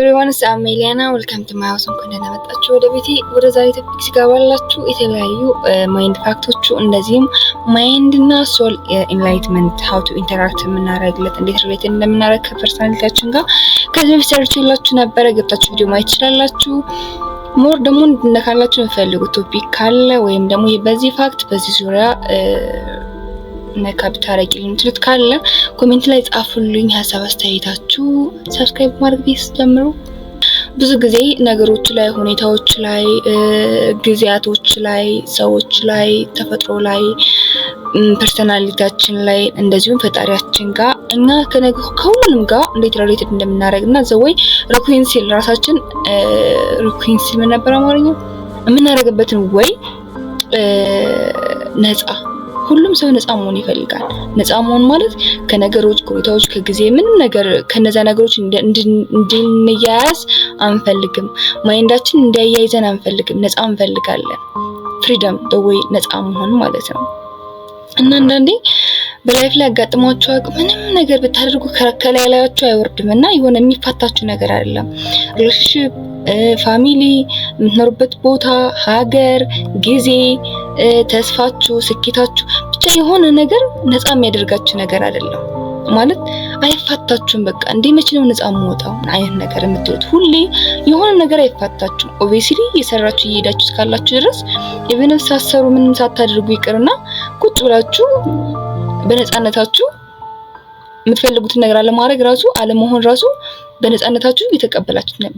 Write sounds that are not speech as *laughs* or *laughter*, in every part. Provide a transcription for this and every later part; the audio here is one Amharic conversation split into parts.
ኤቭሪዋንስ አሜሊያና ወልካም ቱ ማይ ሃውስ እንኳን ደህና መጣችሁ ወደ ቤቴ። ወደ ዛሬ ቶፒክ ሲገባላችሁ የተለያዩ ማይንድ ፋክቶቹ እንደዚህም ማይንድ እና ሶል ኢንላይትመንት ሀው ቱ ኢንተራክት የምናደርግለት እንዴት ሪሌት እንደምናደርግ ከፐርሶናሊቲያችን ጋር ከዚህ በፊት ሰርቼላችሁ ነበረ። ገብታችሁ ቪዲዮ ማየት ትችላላችሁ። ሞር ደግሞ እንደካላችሁ የምፈልጉት ቶፒክ ካለ ወይም ደግሞ በዚህ ፋክት በዚህ ዙሪያ ነካ ብታረቂ የምትሉት ካለ ኮሜንት ላይ ጻፉልኝ ሀሳብ አስተያየታችሁ። ሰብስክራይብ ማድረግ ቤት ጀምሩ። ብዙ ጊዜ ነገሮች ላይ፣ ሁኔታዎች ላይ፣ ጊዜያቶች ላይ፣ ሰዎች ላይ፣ ተፈጥሮ ላይ፣ ፐርሰናሊታችን ላይ እንደዚሁም ፈጣሪያችን ጋር እና ከሁሉም ጋር እንዴት ሪሌትድ እንደምናደርግ እና ዘወይ ሪኩንሲል ራሳችን ሪኩንሲል ምን ነበር አማርኛው የምናደርግበትን ወይ ነፃ ሁሉም ሰው ነፃ መሆን ይፈልጋል። ነፃ መሆን ማለት ከነገሮች፣ ከሁኔታዎች፣ ከጊዜ ምንም ነገር ከነዛ ነገሮች እንድንያያዝ አንፈልግም። ማይንዳችን እንዲያያይዘን አንፈልግም። ነፃ እንፈልጋለን። ፍሪደም ወይ ነፃ መሆን ማለት ነው። እና አንዳንዴ በላይፍ ላይ ያጋጥሟቸው ምንም ነገር ብታደርጉ ከላይ አይወርድም እና የሆነ የሚፋታችሁ ነገር አይደለም። ሪሌሽንሽፕ፣ ፋሚሊ፣ የምትኖሩበት ቦታ፣ ሀገር፣ ጊዜ፣ ተስፋችሁ፣ ስኬታችሁ ብቻ የሆነ ነገር ነፃ የሚያደርጋችሁ ነገር አይደለም ማለት አይፋታችሁም። በቃ እንዴ መቼ ነው ነፃ የምወጣው አይነት ነገር የምትሉት ሁሌ የሆነ ነገር አይፋታችሁም። ኦቤሲሊ እየሰራችሁ እየሄዳችሁ እስካላችሁ ድረስ የብንም ሳሰሩ ምንም ሳታደርጉ ይቅርና ቁጭ ብላችሁ በነፃነታችሁ የምትፈልጉትን ነገር አለማድረግ ራሱ አለመሆን ራሱ በነፃነታችሁ እየተቀበላችሁ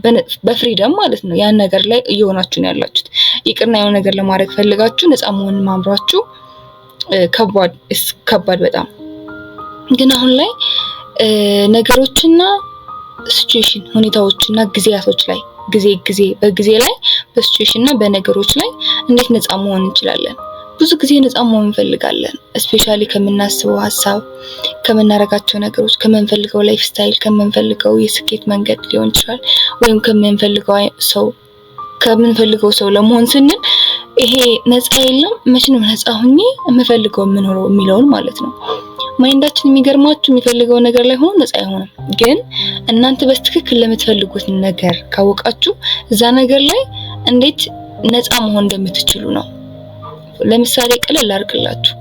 በፍሪደም ማለት ነው ያን ነገር ላይ እየሆናችሁ ነው ያላችሁት። ይቅርና የሆነ ነገር ለማድረግ ፈልጋችሁ ነፃ መሆን ማምሯችሁ ከባድ ከባድ በጣም ግን አሁን ላይ ነገሮችና ሲቹዌሽን ሁኔታዎችና ጊዜያቶች ላይ ጊዜ ጊዜ በጊዜ ላይ በሲቹዌሽን በነገሮች ላይ እንዴት ነፃ መሆን እንችላለን? ብዙ ጊዜ ነፃ መሆን እንፈልጋለን። እስፔሻሊ ከምናስበው ሀሳብ፣ ከምናረጋቸው ነገሮች፣ ከምንፈልገው ላይፍ ስታይል፣ ከምንፈልገው የስኬት መንገድ ሊሆን ይችላል ወይም ከምንፈልገው ሰው ከምንፈልገው ሰው ለመሆን ስንል ይሄ ነፃ የለም መቼ ነው ነፃ ሁኜ የምፈልገው የምኖረው የሚለውን ማለት ነው። ማይንዳችን የሚገርማችሁ የሚፈልገው ነገር ላይ ሆኖ ነፃ አይሆንም። ግን እናንተ በስትክክል ለምትፈልጉት ነገር ካወቃችሁ እዛ ነገር ላይ እንዴት ነፃ መሆን እንደምትችሉ ነው። ለምሳሌ ቀለል አድርግላችሁ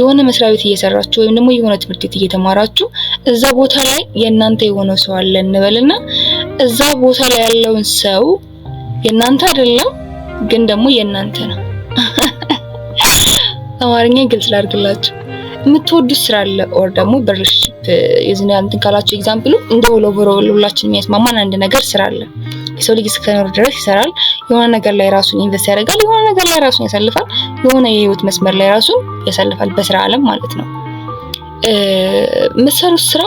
የሆነ መስሪያ ቤት እየሰራችሁ ወይም ደግሞ የሆነ ትምህርት ቤት እየተማራችሁ እዛ ቦታ ላይ የእናንተ የሆነ ሰው አለ እንበልና እዛ ቦታ ላይ ያለውን ሰው የእናንተ አይደለም ግን ደግሞ የእናንተ ነው። *laughs* አማርኛ ግልጽ ላድርግላችሁ። የምትወዱት ስራ አለ ኦር ደግሞ በርሽፕ የዝና እንትን ካላችሁ ኤግዛምፕሉ እንደ ወሎ ሁላችን የሚያስማማን አንድ ነገር ስራ አለ። የሰው ልጅ እስከኖር ድረስ ይሰራል። የሆነ ነገር ላይ ራሱን ኢንቨስት ያደርጋል። የሆነ ነገር ላይ ራሱን ያሳልፋል። የሆነ የህይወት መስመር ላይ ራሱን ያሳልፋል። በስራ አለም ማለት ነው። የምትሰሩት ስራ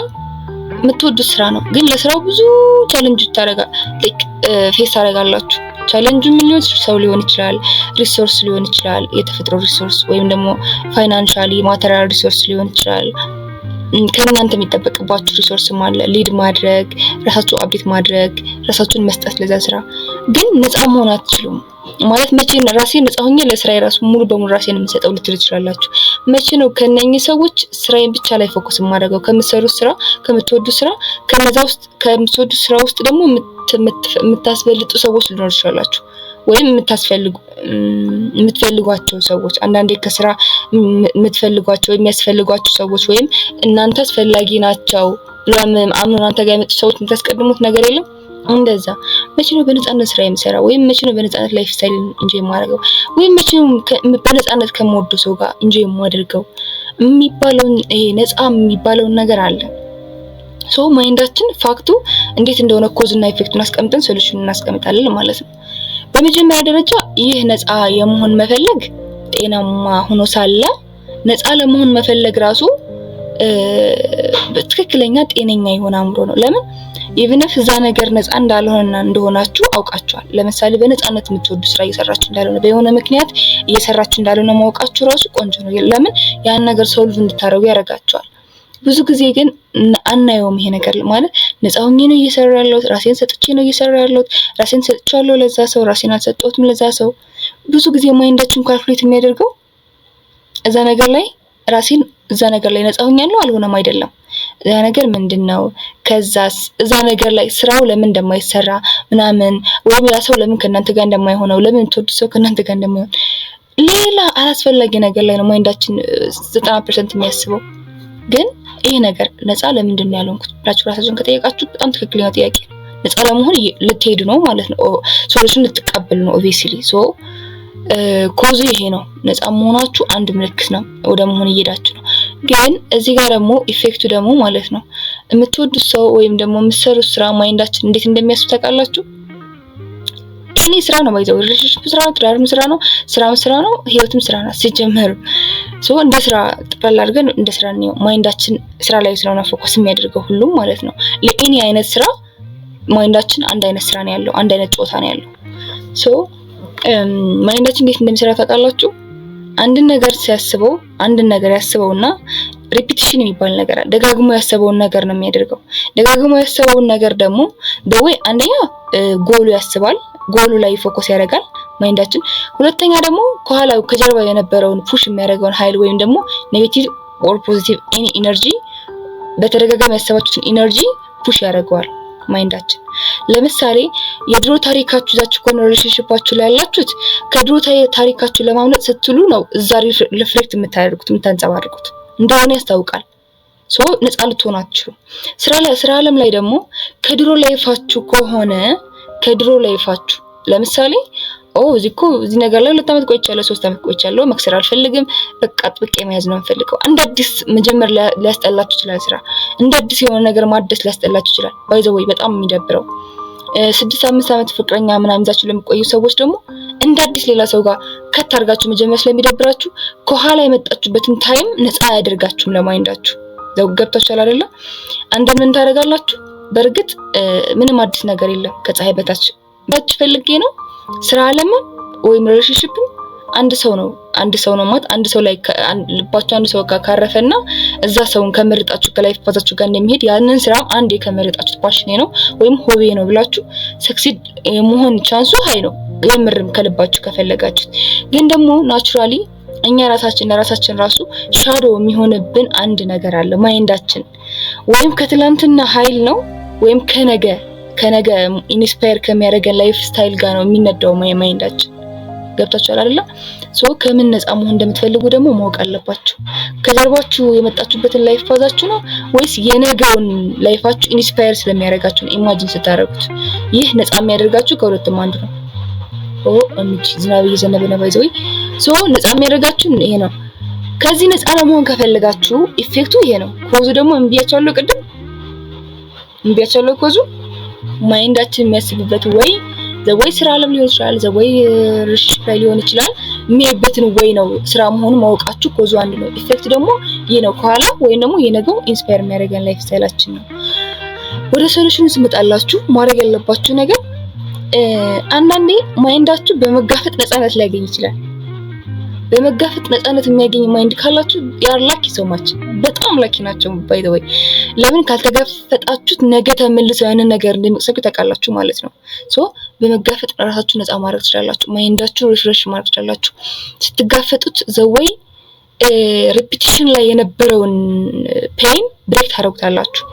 የምትወዱት ስራ ነው። ግን ለስራው ብዙ ቻለንጆች ታደርጋ ፌስ ታደርጋላችሁ ቻሌንጅም ሊሆን ሰው ሊሆን ይችላል፣ ሪሶርስ ሊሆን ይችላል፣ የተፈጥሮ ሪሶርስ ወይም ደግሞ ፋይናንሻሊ ማቴሪያል ሪሶርስ ሊሆን ይችላል። ከእናንተ የሚጠበቅባችሁ ሪሶርስም አለ። ሊድ ማድረግ፣ ራሳችሁ አፕዴት ማድረግ፣ ራሳችሁን መስጠት ለዛ ስራ ግን ነፃ መሆን አትችሉም። ማለት መቼ ራሴን ነፃ ሆኜ ለስራዬ ራሱ ሙሉ በሙሉ ራሴን የምሰጠው ልትል ትችላላችሁ። መቼ ነው ከነኚህ ሰዎች ስራዬን ብቻ ላይ ፎከስ የማደርገው? ከምትሰሩት ስራ፣ ከምትወዱት ስራ፣ ከነዛ ውስጥ ከምትወዱት ስራ ውስጥ ደግሞ የምታስበልጡ ሰዎች ሊኖር ትችላላችሁ ወይም የምትፈልጓቸው ሰዎች አንዳንዴ ከስራ የምትፈልጓቸው የሚያስፈልጓቸው ሰዎች ወይም እናንተ አስፈላጊ ናቸው ብሎ አምኖ እናንተ ጋር የመጡ ሰዎች የምታስቀድሙት ነገር የለም። እንደዛ መቼ ነው በነፃነት ስራ የምሰራው? ወይም መቼ ነው በነፃነት ላይፍ ስታይል እንጂ የማደርገው? ወይም መቼ ነው በነፃነት ከምወደው ሰው ጋር እንጂ የማደርገው የሚባለውን ይሄ ነፃ የሚባለውን ነገር አለ። ሶ ማይንዳችን ፋክቱ እንዴት እንደሆነ ኮዝ እና ኢፌክቱን አስቀምጠን ሶሉሽን እናስቀምጣለን ማለት ነው። በመጀመሪያ ደረጃ ይህ ነፃ የመሆን መፈለግ ጤናማ ሆኖ ሳለ ነፃ ለመሆን መፈለግ ራሱ ትክክለኛ ጤነኛ የሆነ አእምሮ ነው። ለምን ኢቭነፍ እዛ ነገር ነፃ እንዳልሆነና እንደሆናችሁ አውቃችኋል። ለምሳሌ በነፃነት የምትወዱ ስራ እየሰራችሁ እንዳልሆነ በሆነ ምክንያት እየሰራችሁ እንዳልሆነ ማወቃችሁ ራሱ ቆንጆ ነው። ለምን ያን ነገር ሶልቭ እንድታደርጉ ያደርጋችኋል። ብዙ ጊዜ ግን አናየውም። ይሄ ነገር ማለት ነፃ ሆኜ ነው እየሰራ ያለሁት፣ ራሴን ሰጥቼ ነው እየሰራ ያለሁት፣ ራሴን ሰጥቼዋለሁ ለዛ ሰው፣ ራሴን አልሰጠሁትም ለዛ ሰው። ብዙ ጊዜ ማይንዳችን ካልኩሌት የሚያደርገው እዛ ነገር ላይ ራሴን እዛ ነገር ላይ ነፃ ሆኛለሁ አልሆነም አይደለም ያ ነገር ምንድን ነው? ከዛስ እዛ ነገር ላይ ስራው ለምን እንደማይሰራ ምናምን ወይም ያ ሰው ለምን ከእናንተ ጋር እንደማይሆነው ለምን ትወዱ ሰው ከእናንተ ጋር እንደማይሆን ሌላ አላስፈላጊ ነገር ላይ ነው ማይንዳችን ዘጠና ፐርሰንት የሚያስበው። ግን ይህ ነገር ነፃ ለምንድን ነው ያልሆንኩት ብላችሁ ራሳችሁን ከጠየቃችሁ በጣም ትክክለኛ ጥያቄ ነው። ነፃ ለመሆን ልትሄዱ ነው ማለት ነው። ሶሉሽን ልትቀበሉ ነው ኦቪስሊ። ሶ ኮዙ ይሄ ነው። ነፃ መሆናችሁ አንድ ምልክት ነው። ወደ መሆን እየሄዳችሁ ነው። ግን እዚህ ጋር ደግሞ ኢፌክቱ ደግሞ ማለት ነው የምትወዱት ሰው ወይም ደግሞ የምትሰሩት ስራ ማይንዳችን እንዴት እንደሚያስብ ታውቃላችሁ? እኔ ስራ ነው ባይዘው ሪሌሽንሽፕ ስራ ነው፣ ትዳርም ስራ ነው፣ ስራም ስራ ነው፣ ህይወትም ስራ ናት። ሲጀመር ሶ እንደ ስራ ጥቅላላ አድርገን እንደ ስራ ነው ማይንዳችን ስራ ላይ ስለሆነ ፎከስ የሚያደርገው ሁሉም ማለት ነው። ለኤኒ አይነት ስራ ማይንዳችን አንድ አይነት ስራ ነው ያለው፣ አንድ አይነት ጾታ ነው ያለው። ሶ ማይንዳችን እንዴት እንደሚሰራ ታውቃላችሁ? አንድን ነገር ሲያስበው አንድን ነገር ያስበውና ሪፒቲሽን የሚባል ነገር አለ። ደጋግሞ ያሰበውን ነገር ነው የሚያደርገው። ደጋግሞ ያሰበውን ነገር ደግሞ ደወይ አንደኛ ጎሉ ያስባል፣ ጎሉ ላይ ፎከስ ያደርጋል ማይንዳችን። ሁለተኛ ደግሞ ከኋላው ከጀርባ የነበረውን ፑሽ የሚያደርገውን ኃይል ወይም ደግሞ ኔጌቲቭ ኦር ፖዚቲቭ ኤኒ ኢነርጂ በተደጋጋሚ ያሰባችሁትን ኢነርጂ ፑሽ ያደርገዋል። ማይንዳችን። ለምሳሌ የድሮ ታሪካችሁ ዛች ከሆነ ሪሌሽንሽፓችሁ ላይ ያላችሁት ከድሮ ታሪካችሁ ለማምለጥ ስትሉ ነው እዛ ሪፍሌክት የምታደርጉት የምታንጸባርቁት እንደሆነ ያስታውቃል። ሰው ነፃ ስራ ላይ ስራ አለም ላይ ደግሞ ከድሮ ላይፋችሁ ከሆነ ከድሮ ላይፋችሁ ለምሳሌ ኦ እዚህ እኮ እዚህ ነገር ላይ ሁለት ዓመት ቆይቻለሁ፣ ሶስት ዓመት ቆይቻለሁ፣ መክሰር አልፈልግም፣ በቃ ጥብቅ የመያዝ ነው የምፈልገው። እንደ አዲስ መጀመር ሊያስጠላችሁ ይችላል። ስራ እንደ አዲስ የሆነ ነገር ማደስ ሊያስጠላችሁ ይችላል። ባይዘወይ በጣም የሚደብረው ስድስት አምስት ዓመት ፍቅረኛ ምናምን ይዛችሁ ለሚቆዩ ሰዎች ደግሞ እንደ አዲስ ሌላ ሰው ጋር ከት አድርጋችሁ መጀመር ስለሚደብራችሁ ከኋላ የመጣችሁበትን ታይም ነፃ አያደርጋችሁም ለማይንዳችሁ። ዘው ገብታችኋል አይደለም? አንዳንድ ምን ታደርጋላችሁ? በእርግጥ ምንም አዲስ ነገር የለም ከፀሐይ በታች በች ፈልጌ ነው ስራ አለምም ወይም ሪሌሽንሽፕም አንድ ሰው ነው አንድ ሰው ነው ማለት አንድ ሰው ላይ ልባችሁ አንድ ሰው ጋር ካረፈና እዛ ሰውን ከመረጣችሁ ከላይፍ ፓዛችሁ ጋር እንደሚሄድ ያንን ስራ አንድ ከመረጣችሁት ፓሽኔ ነው ወይም ሆቤ ነው ብላችሁ ሰክሲድ የመሆን ቻንሱ ሀይ ነው፣ የምርም ከልባችሁ ከፈለጋችሁት። ግን ደግሞ ናቹራሊ እኛ ራሳችን ለራሳችን ራሱ ሻዶ የሚሆንብን አንድ ነገር አለ ማይንዳችን ወይም ከትላንትና ኃይል ነው ወይም ከነገ ከነገ ኢንስፓየር ከሚያደርገን ላይፍ ስታይል ጋር ነው የሚነዳው ማይንዳችን። ገብታችኋል አይደለ? ሶ ከምን ነፃ መሆን እንደምትፈልጉ ደግሞ ማወቅ አለባችሁ። ከጀርባችሁ የመጣችሁበትን ላይፍ ፋዛችሁ ነው ወይስ የነገውን ላይፋችሁ ኢንስፓየር ስለሚያደርጋችሁ ነው? ኢማጂን ስታደርጉት ይህ ነፃ የሚያደርጋችሁ ከሁለቱም አንዱ ነው። ኦ ዝናብ እየዘነበ ነው ባይዘው። ሶ ነፃ የሚያደርጋችሁ ይሄ ነው። ከዚህ ነፃ ለመሆን ከፈለጋችሁ ኢፌክቱ ይሄ ነው። ኮዙ ደግሞ እምቢያቸዋለሁ ቅድም እምቢያቸዋለሁ ኮዙ ማይንዳችን የሚያስብበት ወይ ዘወይ ስራ አለም ሊሆን ይችላል፣ ዘወይ ርሽፍ ላይ ሊሆን ይችላል። የሚያይበትን ወይ ነው ስራ መሆኑ ማወቃችሁ ኮዙ አንድ ነው። ኢፌክት ደግሞ ይህ ነው ከኋላ ወይም ደግሞ የነገው ኢንስፓየር የሚያደርገን ላይፍ ስታይላችን ነው። ወደ ሶሉሽኑ ስመጣላችሁ ማድረግ ያለባችሁ ነገር አንዳንዴ ማይንዳችሁ በመጋፈጥ ነፃነት ሊያገኝ ይችላል። በመጋፈጥ ነፃነት የሚያገኝ ማይንድ ካላችሁ ያርላክ ይሰማችሁ በጣም ላኪ ናቸው። ባይዘወይ ለምን ካልተጋፈጣችሁት ነገ ተመልሰው ያንን ነገር እንደሚሰቁ ታውቃላችሁ ማለት ነው። ሶ በመጋፈጥ ራሳችሁ ነፃ ማድረግ ትችላላችሁ። ማይንዳችሁ ሪፍሬሽ ማድረግ ትችላላችሁ። ስትጋፈጡት ዘወይ ሪፒቲሽን ላይ የነበረውን ፔን ብሬክ ታደርጉታላችሁ።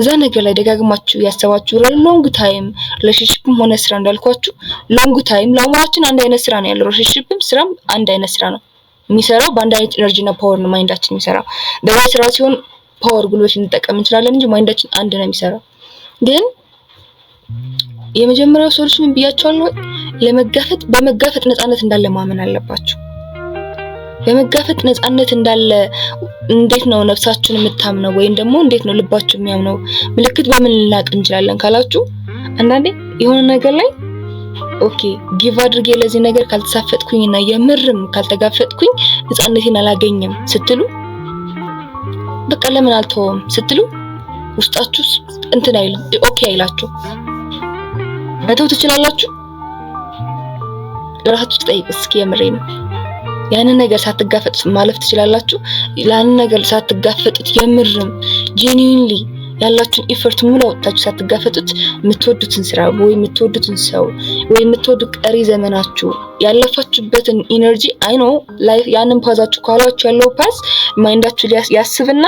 እዛ ነገር ላይ ደጋግማችሁ ያሰባችሁ ሎንግ ታይም ሪሌሽንሽፕም ሆነ ስራ እንዳልኳችሁ ሎንግ ታይም ለአእምሯችን አንድ አይነት ስራ ነው ያለው። ሪሌሽንሽፕም ስራም አንድ አይነት ስራ ነው። የሚሰራው በአንድ አይነት ኤነርጂና ፓወር ነው ማይንዳችን የሚሰራው። ደባይ ስራ ሲሆን ፓወር ጉልበት ልንጠቀም እንችላለን እንጂ ማይንዳችን አንድ ነው የሚሰራው። ግን የመጀመሪያው ሰዎች ምን ነው ለመጋፈጥ በመጋፈጥ ነፃነት እንዳለ ማመን አለባቸው። በመጋፈጥ ነፃነት እንዳለ እንዴት ነው ነፍሳችሁን የምታምነው ወይም ደግሞ እንዴት ነው ልባችሁ የሚያምነው? ምልክት በምን ልናቅ እንችላለን ካላችሁ አንዳንዴ የሆነ ነገር ላይ ኦኬ ጊቭ አድርጌ ለዚህ ነገር ካልተሳፈጥኩኝ እና የምርም ካልተጋፈጥኩኝ ነፃነቴን አላገኝም ስትሉ በቃ ለምን አልተወም ስትሉ ውስጣችሁ እንትን አይልም፣ ኦኬ አይላችሁ። መተው ትችላላችሁ። ራሳችሁ ጠይቁ እስኪ። የምሬ ነው። ያንን ነገር ሳትጋፈጡት ማለፍ ትችላላችሁ። ያንን ነገር ሳትጋፈጡት የምርም ጄኒዩንሊ ያላችሁን ኢፈርት ሙሉ አወጣችሁ ሳትጋፈጡት የምትወዱትን ስራ ወይ የምትወዱትን ሰው ወይ የምትወዱ ቀሪ ዘመናችሁ ያለፋችሁበትን ኢነርጂ አይኖ ላይፍ ያንን ፓዛችሁ ከኋላችሁ ያለው ፓዝ ማይንዳችሁ ያስብና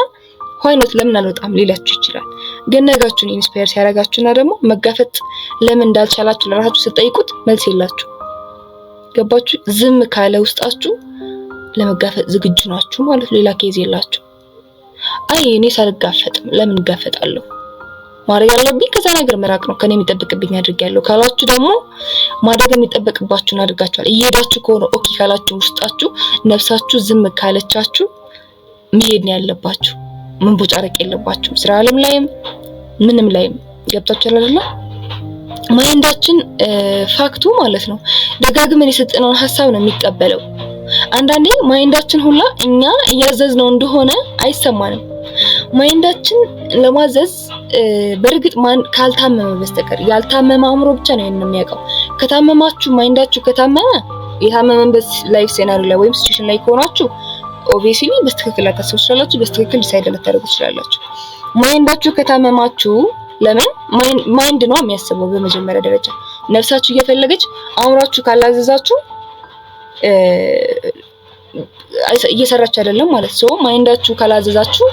ሆይኖት ለምን አልወጣም ሊላችሁ ይችላል። ግን ነጋችሁን ኢንስፓየር ሲያደርጋችሁና ደግሞ መጋፈጥ ለምን እንዳልቻላችሁ ለራሳችሁ ስትጠይቁት መልስ የላችሁ። ገባችሁ? ዝም ካለ ውስጣችሁ ለመጋፈጥ ዝግጁ ናችሁ ማለት ሌላ ኬዝ የላችሁ። አይ እኔ ሳልጋፈጥም ለምን እጋፈጣለሁ? ማድረግ ያለብኝ ከዛ ነገር መራቅ ነው፣ ከኔ የሚጠበቅብኝ አድርጌያለሁ ካላችሁ ደግሞ ማድረግ የሚጠበቅባችሁን አድርጋችኋል። እየሄዳችሁ ከሆነ ኦኬ ካላችሁ፣ ውስጣችሁ ነፍሳችሁ ዝም ካለቻችሁ መሄድ ነው ያለባችሁ። ቦጫረቅ የለባችሁም። ስራ አለም ላይም ምንም ላይም ገብታችኋል አይደለ? ማይንዳችን ፋክቱ ማለት ነው ደጋግመን የሰጠነውን ሀሳብ ነው የሚቀበለው። አንዳንዴ ማይንዳችን ሁላ እኛ እያዘዝነው እንደሆነ አይሰማንም። ማይንዳችን ለማዘዝ በእርግጥ ማን ካልታመመ በስተቀር ያልታመመ አእምሮ ብቻ ነው ያንን የሚያውቀው። ከታመማችሁ ማይንዳችሁ ከታመመ የታመመበት ላይፍ ሴናሪ ላይ ወይም ሲቹዌሽን ላይ ከሆናችሁ ኦብቪስሊ በስትክክል ላታስቡ ትችላላችሁ፣ በስትክክል ዲሳይድ ልታደርጉ ትችላላችሁ። ማይንዳችሁ ከታመማችሁ ለምን ማይንድ ነው የሚያስበው። በመጀመሪያ ደረጃ ነፍሳችሁ እየፈለገች አእምሯችሁ ካላዘዛችሁ እየሰራች አይደለም ማለት ሰው ማይንዳችሁ ካላዘዛችሁ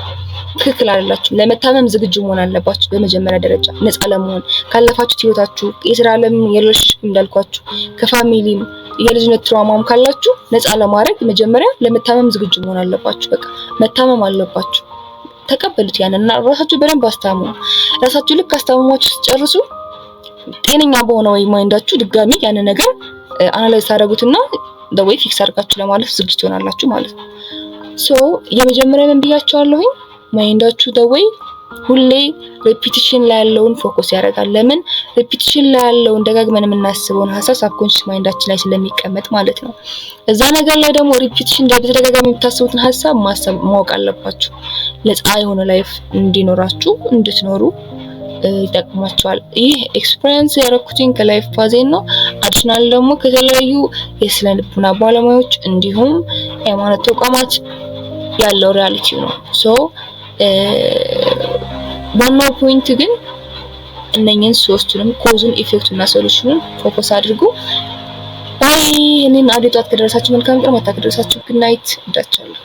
ትክክል አይደላችሁ። ለመታመም ዝግጁ መሆን አለባችሁ። በመጀመሪያ ደረጃ ነፃ ለመሆን ካለፋችሁት ህይወታችሁ፣ የስራ ዓለም፣ የሪሌሽንሽፕ እንዳልኳችሁ ከፋሚሊም የልጅነት ትራውማም ካላችሁ ነፃ ለማድረግ መጀመሪያ ለመታመም ዝግጁ መሆን አለባችሁ። በቃ መታመም አለባችሁ። ተቀበሉት ያንን እና ራሳችሁ በደንብ አስታምሙ። ራሳችሁ ልክ አስታምሟችሁ ጨርሱ ጤነኛ በሆነ ወይ ማይንዳችሁ ድጋሚ ያንን ነገር አናላይዝ ታደርጉትና ደዌይ ፊክስ አድርጋችሁ ለማለፍ ዝግጅት ይሆናላችሁ ማለት ነው። ሶ የመጀመሪያ ምን ብያቸዋለሁኝ? ማይንዳችሁ ደወይ ሁሌ ሪፒቲሽን ላይ ያለውን ፎከስ ያደርጋል። ለምን ሪፒቲሽን ላይ ያለውን ደጋግመን የምናስበውን ሀሳብ ሳብኮንሽስ ማይንዳችን ላይ ስለሚቀመጥ ማለት ነው። እዛ ነገር ላይ ደግሞ ሪፒቲሽን በተደጋጋሚ የምታስቡትን ሀሳብ ማሰብ ማወቅ አለባችሁ። ነፃ የሆነ ላይፍ እንዲኖራችሁ እንድትኖሩ ይጠቅማቸዋል። ይህ ኤክስፒሪየንስ ያደረኩትን ከላይፍ ፋዜን ነው። አዲሽናል ደግሞ ከተለያዩ የስነ ልቦና ባለሙያዎች እንዲሁም የሃይማኖት ተቋማት ያለው ሪያሊቲ ነው። ሶ ዋናው ፖይንት ግን እነኝን ሶስቱንም ኮዝን ኢፌክቱን እና ሶሉሽኑን ፎከስ አድርጉ። ባይ እኔን አዲጧት ከደረሳችሁ መልካም ቀን፣ ማታ ከደረሳችሁ ግን ናይት። እዳችኋለሁ።